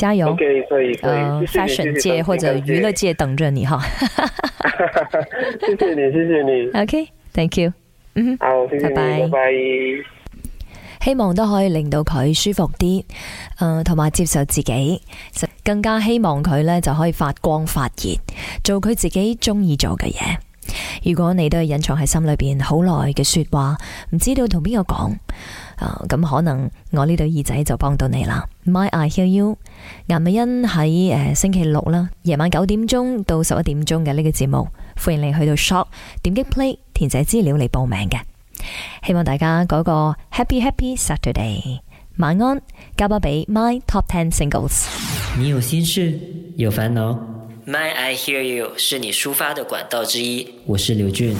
.加油！嗯，fashion 界或者娛樂界等着你哈。謝謝你，謝謝你。OK，Thank you。嗯，好，拜拜。拜拜，希望都可以令到佢舒服啲，誒、呃，同埋接受自己。更加希望佢呢就可以發光發熱，做佢自己中意做嘅嘢。如果你都係隱藏喺心裏邊好耐嘅說話，唔知道同邊個講。啊，咁、嗯、可能我呢對耳仔就幫到你啦。My I Hear You，顏美欣喺誒星期六啦，夜晚九點鐘到十一點鐘嘅呢個節目，歡迎你去到 shop 點擊 play 填寫資料嚟報名嘅。希望大家嗰個 Happy Happy Saturday，晚安，交翻俾 My Top Ten Singles。你有心事，有煩惱。My I Hear You 是你抒發的管道之一。我是劉俊。